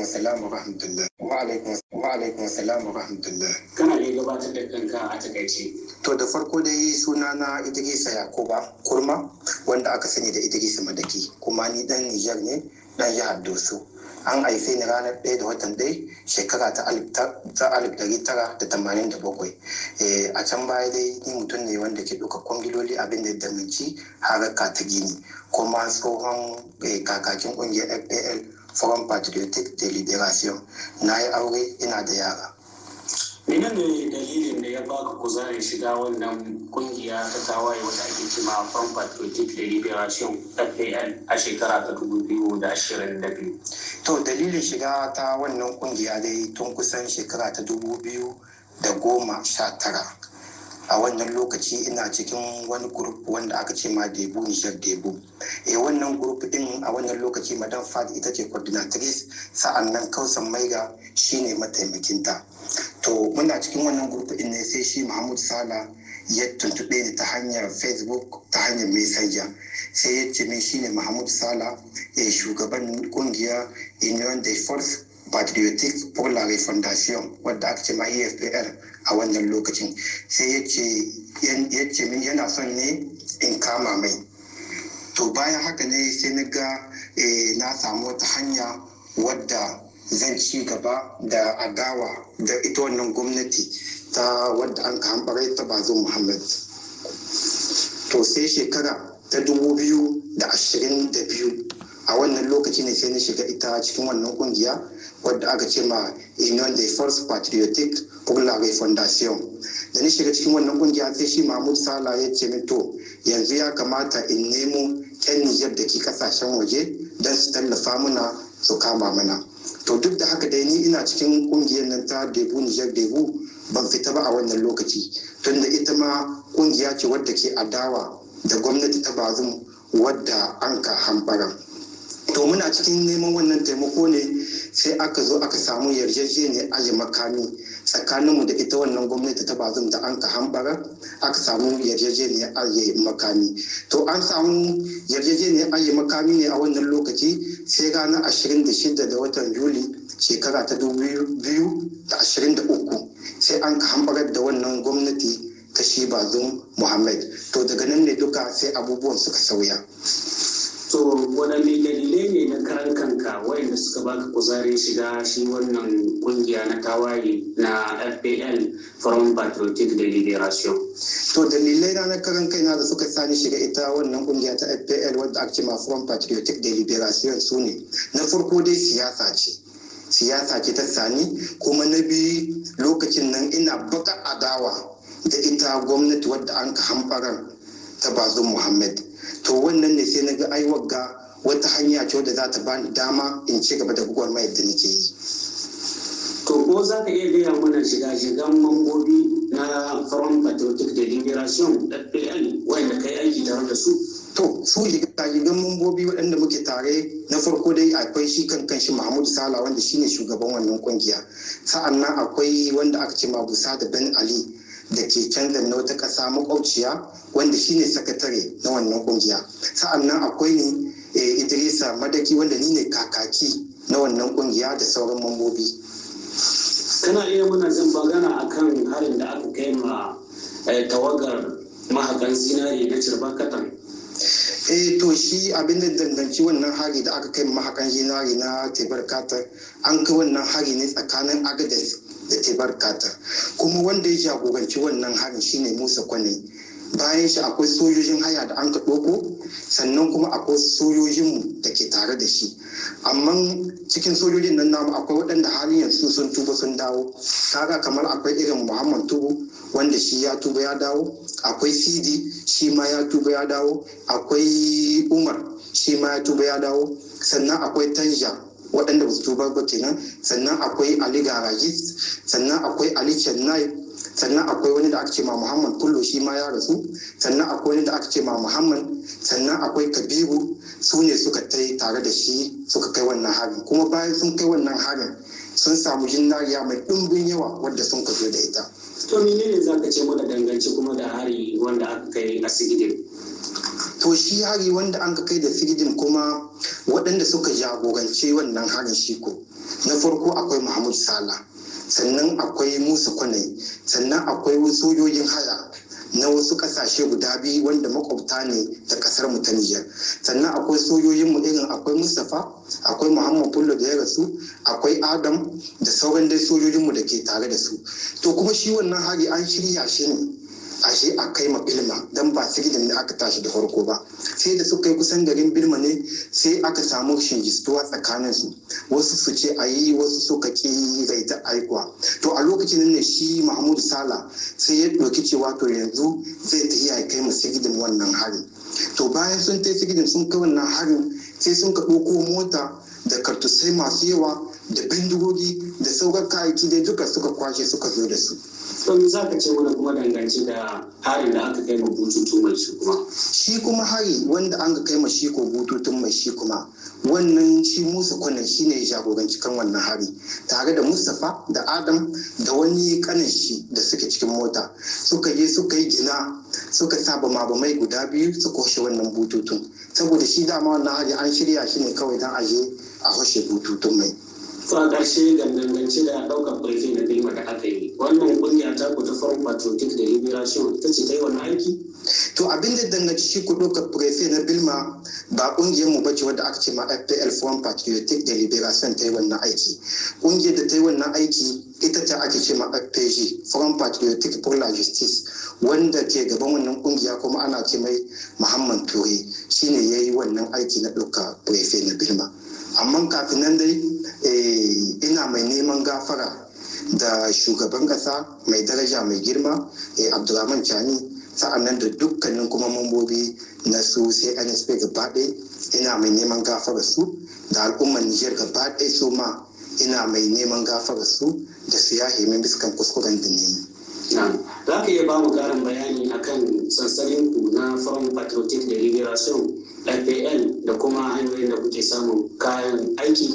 alaikum wa wa alaikum wa alaikum wa kana ne gabatar da kanka a takaice to da farko dai na Idrisa Yakuba Kurma wanda aka sani da Idris Madaki kuma ni dan Nijar ne dan jihar Doso an haife ni ranar ɗaya da watan dai shekara ta alif dari tara da tamanin da bakwai eh, a can baya dai ni mutum ne wanda ke ɗauka kwangiloli abin da damanci haraka ta gini kuma tsohon eh, kakakin ƙungiyar FPL. Forum Patriotic de na yi aure ina da yara. Mene ne dalilin da ya baka kuzarin shiga wannan kungiya ta tawaye wata ake cima Forum Patriotic de Liberation FAL a shekara ta 2022? To dalilin shiga ta wannan kungiya dai tun kusan shekara ta da goma sha tara. a wannan lokaci ina cikin wani gurup wanda aka ce ma debu nishar debu e wannan grup din a wannan lokaci madam fad ita ce coordinatrice sa'an nan kausan maiga shine mataimakinta to muna cikin wannan grup din ne sai shi mahmud sala ya tuntube ni ta hanyar facebook ta hanyar messenger sai ya ce min shine mahmud sala eh, shugaban kungiyar union de force patriotic pour la wadda aka ce ma efpr a wannan lokacin sai ya ce min yana son ne in kama mai to bayan haka ne sai na ga eh, na samu wata hanya wadda zan ci gaba da adawa da ita wannan gwamnati ta wadda an kambarai ta bazo muhammad to sai shekara ta dubu biyu da ashirin da biyu a wannan lokaci ne sai na shiga ita cikin wannan kungiya wadda aka ce ma union des forces patriotic pour la refondation da ni shiga cikin wannan kungiya sai shi mahmud sala ya ce min to yanzu ya kamata in nemo yan niger da ke kasashen waje don su tallafa muna su kama mana to duk da haka dai ni ina cikin kungiyar nan ta debu nijar debu ban fita ba a wannan lokaci tunda ita ma kungiya ce wadda ke adawa da gwamnati ta bazum wadda an ka hambara to muna cikin neman wannan taimako ne sai aka zo aka samu yarjejeniyar aje makami tsakaninmu da ita wannan gwamnati ta bazum da an ka hambara aka samu yarjejeniyar aje makami to an samu yarjejeniyar aje makami ne a wannan lokaci sai ranar 26 da watan yuli shekara ta 2023 sai an ka hambarar da wannan gwamnati ta shi bazum muhammad to daga nan ne duka sai abubuwan suka sauya to wani dalilai ne na karan kanka wayanda suka baka kuzarin shiga shi wannan kungiya na tawaye na fpl from patriotic Deliberation. to dalilai na karan na da suka sani shiga ita wannan kungiya ta fpl wadda ake ma from patriotic Deliberation su ne na farko dai siyasa ce siyasa ce ta sani kuma na biyu lokacin nan ina baka adawa da ita gwamnati wadda an ka hamfaran ta bazin muhammad to wannan ne sai na ga ai wagga wata hanya ce wadda za ta bani dama in ci gaba da mai da nake yi to ko za ka iya gaya mana shiga shigan mambobi na front patriotic da liberation fpl wanda kai aiki tare da su to su shigan mambobi waɗanda muke tare na farko dai akwai shi kan kanshi mahmud sala wanda shine shugaban wannan kungiya sa'an nan akwai wanda aka ce mabusa da ben ali da ke canza na wata ƙasa makwabciya wanda shine sakatare na wannan kungiya sa'annan akwai ni eh, idrisa madaki wanda ni ne kakaki na wannan kungiya da sauran mambobi kana iya mana zan bagana akan harin da aka kai ma eh, tawagar mahakan zinari na cirbakatan eh to shi abin da danganci wannan hari da aka kai mahakan zinari na tebar katar an kai wannan hari ne tsakanin agadez da ke barkata kuma wanda ya jagoranci wannan harin shine musa kwane bayan shi akwai sojojin haya da an ka ɗoko sannan kuma akwai sojojinmu da ke tare da shi amma cikin sojojin nan namu akwai waɗanda halin yanzu sun tuba sun dawo kaga kamar akwai irin muhammad tubu wanda shi ya tuba ya dawo akwai sidi shi ma ya tuba ya dawo akwai umar shi ma ya tuba ya dawo sannan akwai tanja waɗanda ba su tuba ba kenan sannan akwai ali garajis sannan akwai ali chennai sannan akwai wani da aka ce ma muhammad kullo shi ma ya rasu sannan akwai wani da aka ce ma muhammad sannan akwai kabiru su ne suka tai tare da shi suka kai wannan harin kuma bayan sun kai wannan harin sun samu jinnariya mai ɗumbin yawa wadda sun kwazo da ita to menene za ka ce mana dangance kuma da hari wanda aka kai asibiti to shi hari wanda an ka kai da firidin kuma waɗanda suka jagorance wannan harin shi ko na farko akwai muhammad sala sannan akwai musa kwanai sannan akwai sojojin haya na wasu ƙasashe guda biyu wanda makwabta ne da kasar mu ta Nijar sannan akwai sojojinmu irin akwai Mustapha akwai Muhammad bullo da ya rasu akwai Adam da sauran dai sojojinmu da ke tare da su to kuma shi wannan hari an shirya shi ne ashe a kai ma bilma dan ba sirgin da aka tashi da farko ba sai da suka yi kusan garin bilma ne sai aka samu shingistuwa tsakanin su wasu su ce a yi wasu suka ki ta aikuwa to a lokacin ne shi mahmud sala sai ya ɗauki cewa to yanzu zai ta ya kai ma sigidin wannan harin to bayan sun tai sigidin sun kai wannan harin sai sun ka ɗauko mota da kartusai masu yawa da bindigogi da saukar kayayyaki dai duka suka kwashe suka zo da su. Don za ka ce wani kuma danganci da hari da aka kai ma bututun mai shi kuma. Shi kuma hari wanda an ka kai ma shi ko bututun mai shi kuma wannan shi Musa kwanan shi ne jagoranci kan wannan hari tare da Mustapha da Adam da wani kanan shi da suke cikin mota suka je suka yi gina suka sa bamabamai guda biyu su koshe wannan bututun saboda shi dama wannan hari an shirya shi ne kawai don aje a hoshe bututun mai. zuwa ƙarshe dangance da ɗaukar ƙwarfi na bilma da aka yi wannan ƙungiya ta ku ta forum patriotic da liberation ita ce ta yi wani aiki to abin da dangance shi ku ɗaukar ƙwarfi na bilma ba ƙungiyar mu ba ce wadda aka ce ma fpl forum patriotic da liberation ta yi wannan aiki ƙungiyar da ta yi wannan aiki ita ce ake ce ma fpg forum patriotic for la justice wanda ke gaban wannan ƙungiya kuma ana ce mai muhammad ture shine ya yi wannan aiki na ɗaukar ƙwarfi na bilma amma kafin nan dai eh, ina mai neman gafara da shugaban kasa mai daraja mai girma eh, cani sa'a nan da dukkanin kuma mambobi na su sai nsp gaba ɗaya ina mai neman gafara su da al'ummar nijar gaba ɗaya su ma ina mai neman gafara su da su ya hemi biskan kuskuren da ne za ka iya ba mu karin bayani akan sansanin ku na foreign patriotic liberation FAL da kuma hanyoyin da kuke samun kayan aiki?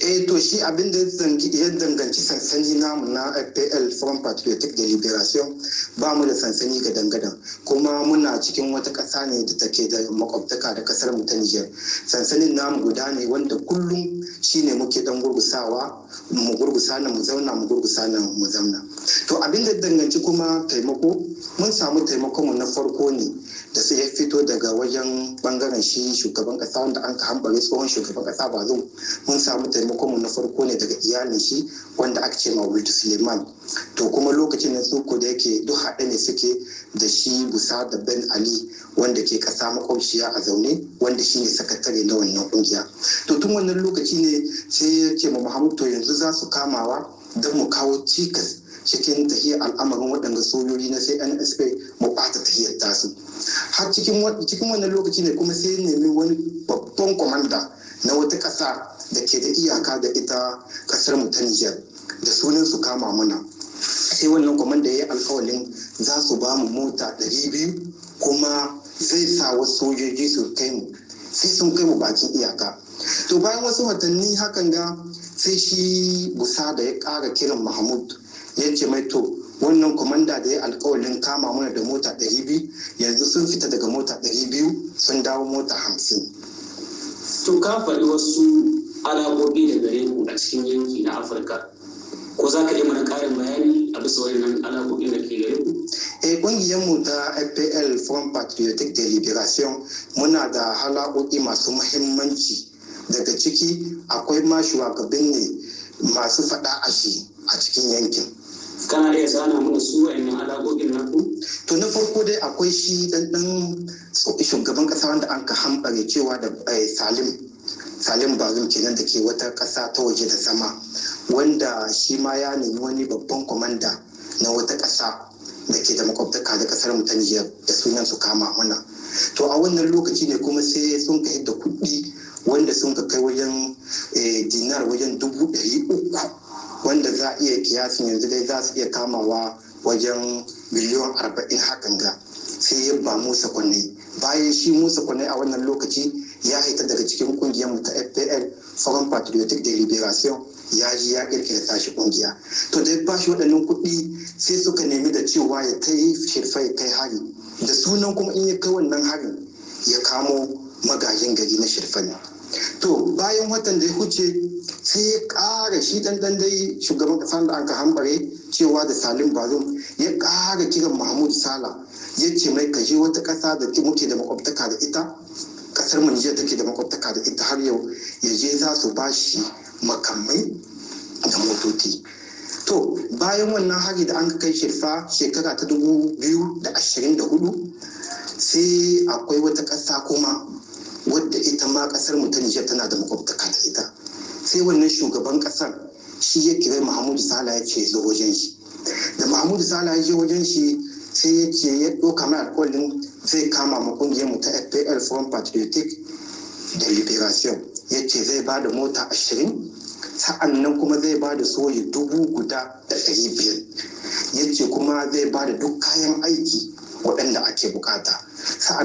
Eh to shi abin da ya danganci sansani namu na FAL Front Patriotic da Liberation ba mu da sansani ga dangadan kuma muna cikin wata ƙasa ne da take da makwabtaka da ƙasar mu ta Niger. Sansanin namu guda ne wanda kullum shine muke dan gurgusawa mu gurgusa nan mu zauna mu gurgusa nan mu zauna. to abin da danganci kuma taimako mun samu taimakonmu na farko ne da sai ya fito daga wajen bangaren shi shugaban kasa wanda an ka hambare tsohon shugaban kasa ba zo mun samu taimakonmu na farko ne daga iyalin shi wanda aka ce da suleiman to kuma lokacin na tsoko da yake duk haɗe ne suke da shi busa da ben ali wanda ke kasa makwabciya a zaune wanda shi ne sakatare na wannan kungiya to tun wannan lokaci ne sai ya ce ma muhammadu to yanzu za su kamawa don mu kawo cikas cikin tahiyar al'amarin waɗanda sojoji na sai mu ɓata tahiyar tasu har cikin wannan lokaci ne kuma sai nemi wani babban kwamanda na wata ƙasa da ke da iyaka da ita ƙasar mu ta nijar da sunan su kama mana sai wannan kwamanda ya yi alkawalin za su ba mu mota biyu kuma zai sa wasu sojoji su kai mu sai sun kai mu bakin iyaka to bayan wasu watanni hakan ga sai shi busa da ya ƙara kiran mahmud ya ce mai to wannan kwamanda da ya alkawalin kama mana da mota 200 yanzu sun fita daga mota 200 sun dawo mota 50 to ka faɗi wasu alaƙoƙi da gare mu a cikin yanki na afirka ko za ka yi mana ƙarin bayani a bisa wannan alaƙoƙi da ke gare mu eh ƙungiyar mu ta fpl from patriotic deliberation liberation muna da halakoki masu muhimmanci daga ciki akwai ma shugabanni masu faɗa ashi a cikin yankin kana iya zana mana su wa'annan alaƙoƙin naku? To na farko dai akwai shi ɗanɗan shugaban ƙasa wanda an ka hambare cewa da eh, Salim Salim Barum kenan da ke wata ƙasa ta waje da sama wanda shi ma ya nemi wani babban kwamanda na wata ƙasa da ke da makwabtaka da ƙasar mu ta Nijar da sunan su kama mana. To a wannan lokaci ne kuma sai sun ka da kuɗi wanda sun ka kai wajen eh, dinar wajen dubu ɗari uku wanda za a iya kiyasin yanzu dai za su iya kamawa wajen miliyon arba'in hakan ga sai ya ba musa kwanne bayan shi musa kwanne a wannan lokaci ya haita daga cikin kungiyar mu ta fpl foreign patriotic de liberation ya ji ya kirkira tashi kungiya to dai ba shi waɗannan kuɗi sai suka nemi da cewa ya ta yi shirfa ya kai hari da sunan kuma in ya kai wannan harin ya kamo magajin gari na shirfa ne to bayan watan da ya huce sai ya ƙara shi dandan dai shugaban kasa da an ka hambare cewa da salim bazum ya ƙara kiran mahmud sala ya ce mai kaje wata ƙasa da muke da makwabtaka da ita ƙasar mu nijar take da makwabtaka da ita har yau ya je za su ba shi makamai da motoci to bayan wannan hari da an kai shirfa shekara ta dubu biyu da ashirin da hudu sai akwai wata ƙasa kuma wadda ita ma kasar mu ta Nijar tana da makwabtaka da ita sai wannan shugaban kasar shi ya kira Muhammadu Sala ya ce zo wajen shi da Muhammadu Sala ya je wajen shi sai ya ce ya ɗauka mai alƙawarin zai kama makungiyar mu ta FPL Forum Patriotic da Liberation ya ce zai ba da mota ashirin sa'an nan kuma zai ba da soji dubu guda da ɗari biyar ya ce kuma zai ba da duk kayan aiki waɗanda ake bukata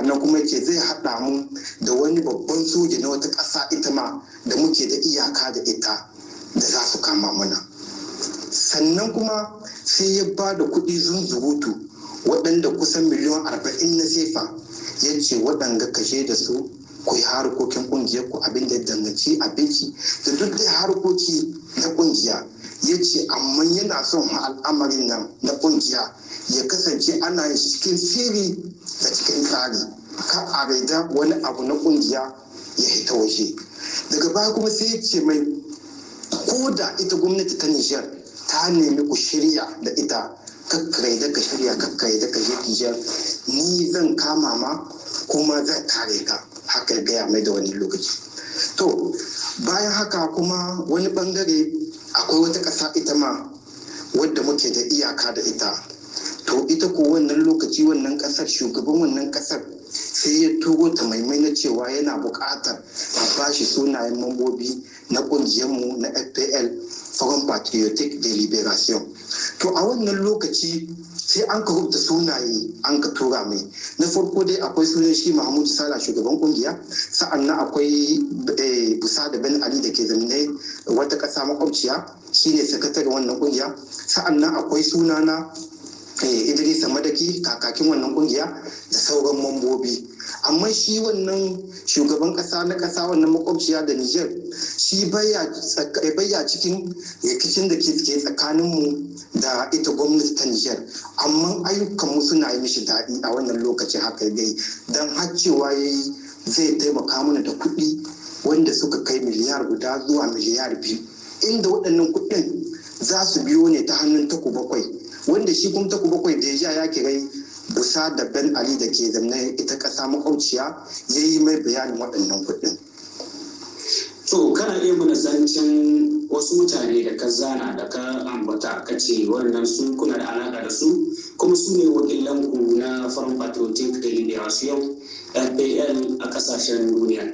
na kuma yake zai haɗa mu da wani babban soja na wata ƙasa ita ma da muke da iyaka da ita da za su kama mana sannan kuma sai ya ba da kuɗi zunzurutu waɗanda kusan miliyan arba'in na sefa ya ce waɗanga kashe da su ku yi harkokin ƙungiyar ku abin da danganci abinci da duk da harkoki na ƙungiya ya ce amma yana son al'amarin nan na ƙungiya ya kasance ana yin cikin sirri da cikin tsari ka a raida wani abu na kungiya ya hita waje daga baya kuma sai ya ce mai ko da ita gwamnati ta nijar ta nemi ku shirya da ita kakkai da ka shirya kakkai da ka je nijar ni zan kama ma kuma zan kare ka haka gaya mai da wani lokaci to bayan haka kuma wani bangare akwai wata ƙasa ita ma wadda muke da iyaka da ita to ita ko wannan lokaci wannan kasar shugaban wannan kasar sai ya turo ta maimai na cewa yana buƙatar a bashi sunayen mambobi na ƙungiyarmu na fpl foreign patriotic deliberation to a wannan lokaci sai an ka rubuta sunaye an ka tura mai na farko dai akwai sunan shi mahmud sala shugaban kungiya sa'annan akwai eh, busa da ben ali da ke zamanai wata ƙasa makwabciya shine sakatare wannan kungiya sa'annan akwai sunana Eh, idris madaki kakakin wannan kungiya da sauran mambobi amma shi wannan shugaban kasa na kasa wannan makwabciya da niger shi baya eh, cikin rikicin da ke tsakaninmu da ita gwamnati ta niger amma ayyukanmu suna yi mishi daɗi a wannan lokacin haka dai don har cewa ya yi zai taimaka mana da kuɗi wanda suka kai miliyar guda zuwa miliyar biyu inda waɗannan kuɗin za su biyo ne ta hannun taku bakwai wanda shi kuma taku bakwai da ya ya kirai busa da ben ali da ke zamna ita kasa makwabciya ya yi mai bayanin waɗannan kuɗin to kana iya mana zancen wasu mutane da ka zana da ka ambata ka ce wannan su kuna da alaƙa da su kuma su ne wakilanku na farm patriotic yau fpl a kasashen duniya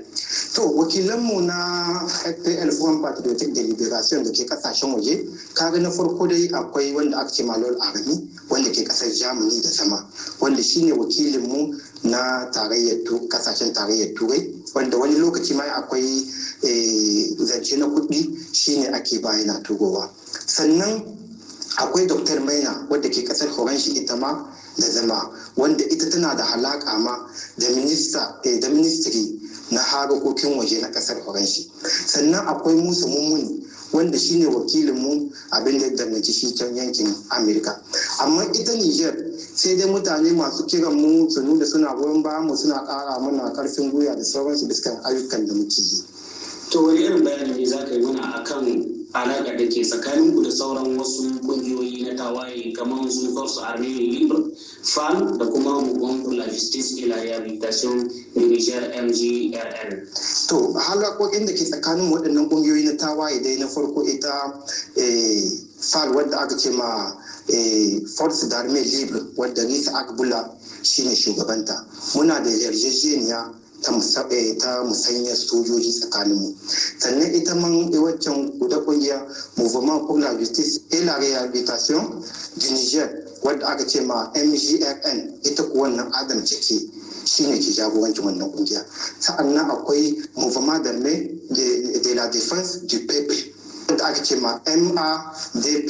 to wakilanmu na fpl foreign patriotic deliberation da ke kasashen waje kaga na farko dai akwai wanda aka ce a arami wanda ke ƙasar jamani da sama wanda shine wakilinmu na tarayyar kasashen tarayyar turai wanda wani lokaci mai akwai eh, zance na kudi shine ake bayana turowa sannan akwai doktar maina wadda ke kasar horanshi ita ma da zama wanda ita tana da halaka ma eh, da ministry na harkokin waje na kasar horanshi sannan akwai musa mummuni wanda shine wakilinmu abin da danganci shi can yankin amurka amma ita niger sai dai mutane masu kiran mu su nuna suna goyon ba, mu suna kara mana karfin gwiwa da sauransu biskan ayyukan da muke yi to wani irin bayani ne za ka yi mana akan alaƙa da ke tsakanin ku da sauran wasu ƙungiyoyi na tawaye kamar su Force Armenian Libre, FAN da kuma Mugongo La Justice et la Rehabilitation de Niger MGRN. To, halakokin da ke tsakanin waɗannan ƙungiyoyi na tawaye dai na farko ita eh, fal wadda aka ce ma eh, force d'armée libre wadda nisa bula shine shugabanta muna da yarjejeniya eh, ta musanya sojoji tsakaninmu sannan ita man eh, waccan guda kungiya mouvement pour la justice et la réhabilitation du niger wadda aka ce ma mgrn ita ku wannan adam ciki shine ke jagorancin wannan kungiya sa'annan akwai d'armée de la défense du peuple da aka ce ma MADP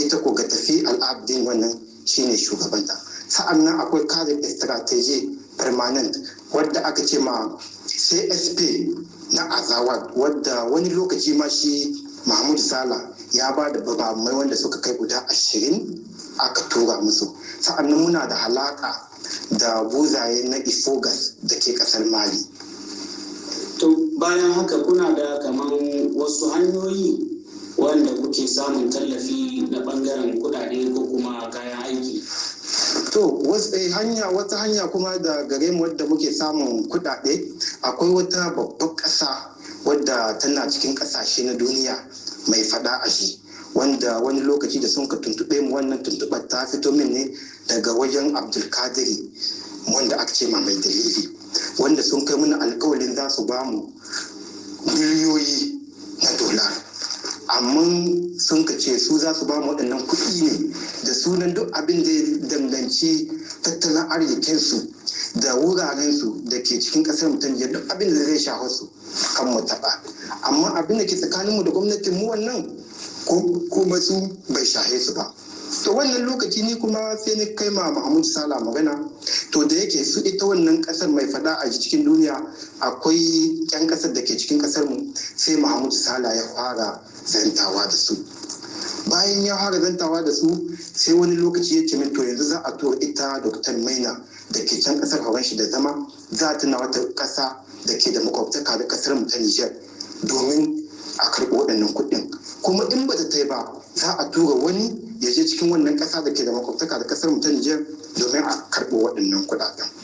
ita ko ga tafi al'abdin wannan shine shugabanta sa'an nan akwai kare strategy permanent wadda aka ce ma csp na azawad wadda wani lokaci ma shi mahmud sala ya ba da babamai wanda suka kai guda ashirin aka tura musu sa'an nan muna da halaka da buzaye na ifogas da ke kasar mali to bayan haka kuna da kamar wasu hanyoyi wanda kuke samun tallafi na bangaren kudade ko kuma kayan aiki to eh, wata hanya kuma da gare mu wadda muke samun kudade akwai wata babbar ƙasa wadda tana cikin ƙasashe na duniya mai fada a shi wanda wani lokaci da sun ka tuntube mu wannan tuntuɓar ta fito min ne daga wajen abdulkadiri wanda ake ce mai dalili wanda sun kai mana alkawarin za su bamu miliyoyi na dola amma sun ka ce su za su bamu waɗannan kuɗi ne da sunan duk abin da danganci tattalin arzikinsu da wurarensu da ke cikin ƙasar mutum duk abin da zai shafa su kan mu taɓa amma abin da ke tsakaninmu da gwamnatin mu wannan ko kuma su bai shahe su ba to wannan lokaci ni kuma sai ni kai ma mahmud sala magana to da yake su ita wannan kasar mai fada a cikin duniya akwai yan kasar da ke cikin kasar mu sai mahmud sala ya fara zantawa da su bayan ya fara zantawa da su sai wani lokaci ya ce min to yanzu za a to ita dr maina da ke can kasar hawan da zama za ta na wata kasa da ke da makwabtaka da kasar mu ta niger domin a karɓi waɗannan kuɗin kuma in ba ta tai ba za a tura wani ya je cikin wannan ƙasa da ke da makwabtaka da ƙasar mu ta Nijar domin a karɓo waɗannan kuɗaɗen.